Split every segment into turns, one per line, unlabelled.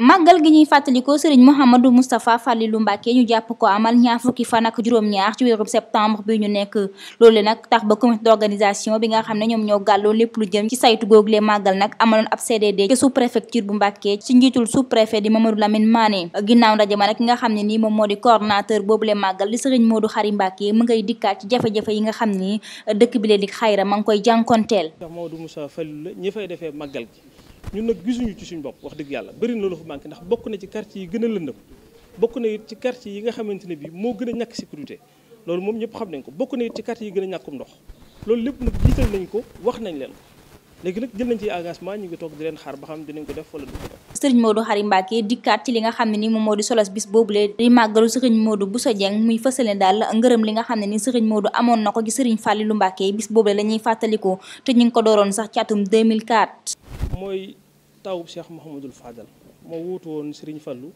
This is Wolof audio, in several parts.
màggal gi ñuy fàttalikoo sëriñ Mouhamadou Moustapha Fallilou Mbacké ñu jàpp ko amal ñaar fukki fan ak juróom-ñaar ci weerum septembre bi ñu nekk loolu nag tax ba comité d'organisation bi nga xam ne ñoom ñoo gàlloo lépp lu jëm ci saytu googu lee màggal nag amaloon ab CDD ci sous préfecture bu Mbacké ci njiitul sous préfet di Mamadou Lamine Mané ginnaaw ndaje ma nag ki nga xam ne nii moom moo di coordonnateur boobu lee màggal di sëriñ Modou xari Mbacké mu ngay dikkaat ci jafe-jafe yi nga xam ni dëkk bi leen di xayra ma ngi koy jànkonteel
Modou Moustapha Fallilou ñi fay defee màggal gi ñun nag gisuñu ci suñu bopp wax dëgg yàlla bëri na lu fa manqué ndax bokk na ci quartier yi gën a lëndëm bokk na it ci quartier yi xamante ne bi moo gën a ñàkk sécurité moom ñëpp xam nañ ko bokk na it ci quartier yi gën ñàkkum ndox loolu lépp nag jiital nañ ko wax nañ leen ko léegi nag jël nañ ci engagement ñu ngi toog di leen xaar ba xam dinañ ko def wala du li
nga xam ne ni moom moo di solos bis boobule màggalu sëriñ Modou Bousso Dieng muy fësale daal ngërëm li nga xam ne ni sëriñ Modou amoon na ko ci sëriñ Fallilou Mbacké bis boobule la ñuy fàttalikoo te ñu ngi ko dooroon sax
mooy tawub Cheikh Mouhamadul Fadal moo wuutu woon Serigne Fallou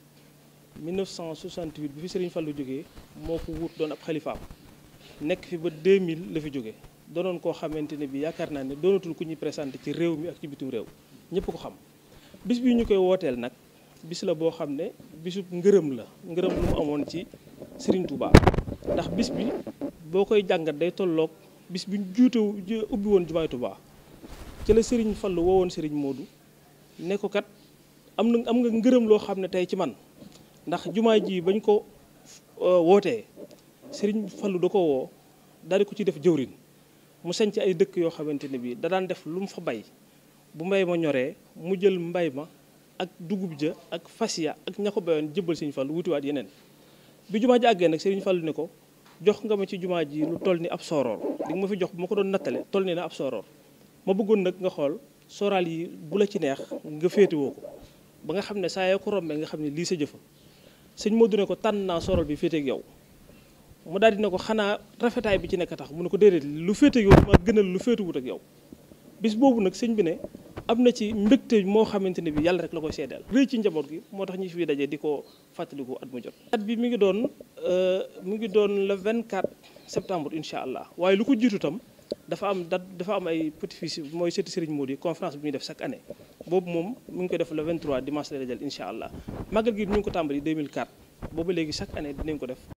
1968 bi fi Serigne Fallou jógee moo ko wuut doon ab xalifaam nekk fi ba 2000 la fi jóge doonoon koo xamante ne bi yaakaar naa ne doonatul ku ñuy présenté ci réew mi ak ci bitim réew ñëpp ko xam bis bi ñu koy wooteel nag bis la boo xam ne bisub ngërëm la ngërëm lu mu amoon ci Serigne Touba ndax bis bi boo koy jàngat day tolloog bis bi ñu juute ubbi woon jumaay tubaa ci la Serigne Fallou woowoon Serigne Modou ne ko kat am na am nga ngërëm loo xam ne tey ci man ndax jumaa ji bañ ko euh, wootee Serigne Fallou da ko woo daal ko ci def jëwrin mu sañc ay dëkk yoo xamante ne bii da daan def lu mu fa bay bu mbay ma ñoree mu jël mbay ma ak dugub ja ak fas ya ak ña ko bayoon jëbbal Serigne Fallou wutiwaat yeneen bi jumaa ji àggee nag Serigne Fallou ne ko jox nga ma ci jumaa ji lu toll ni ab sooroor di ma fi jox bu ma ko doon nattale toll ni na ab sooroor ma bëggoon nag nga xool soral yi bu la ci neex nga féetewoo ko ba nga xam ne saa yoo ko rombee nga xam ne lii sa jëfa sëñ Modou ne ko tànn naa soral bi féeteeg yow mu daal di ne ko xanaa rafetaay bi ci nekk tax mu ne ko déedéet lu féeteeg yow ma gënal lu féetewut ak yow bis boobu nag sëñ bi ne am na ci mbégte moo xamante ne bi yàlla rek la koy seedeel rëy ci njaboot gi moo tax ñu fi daje di ko fàttaliku at mu jot at bi mi ngi doon euh, mi ngi doon le 24 septembre incha allah waaye lu ko jiitu dafa am da dafa am ay petit fils mooy sëti Serigne Modou conférence bi ñuy def chaque année boobu moom mu ngi ko def le 23 dimanche lay dajal incha allah màggal gi ñu ngi ko tàmbali 2004 boobu léegi chaque année dinañ ko def.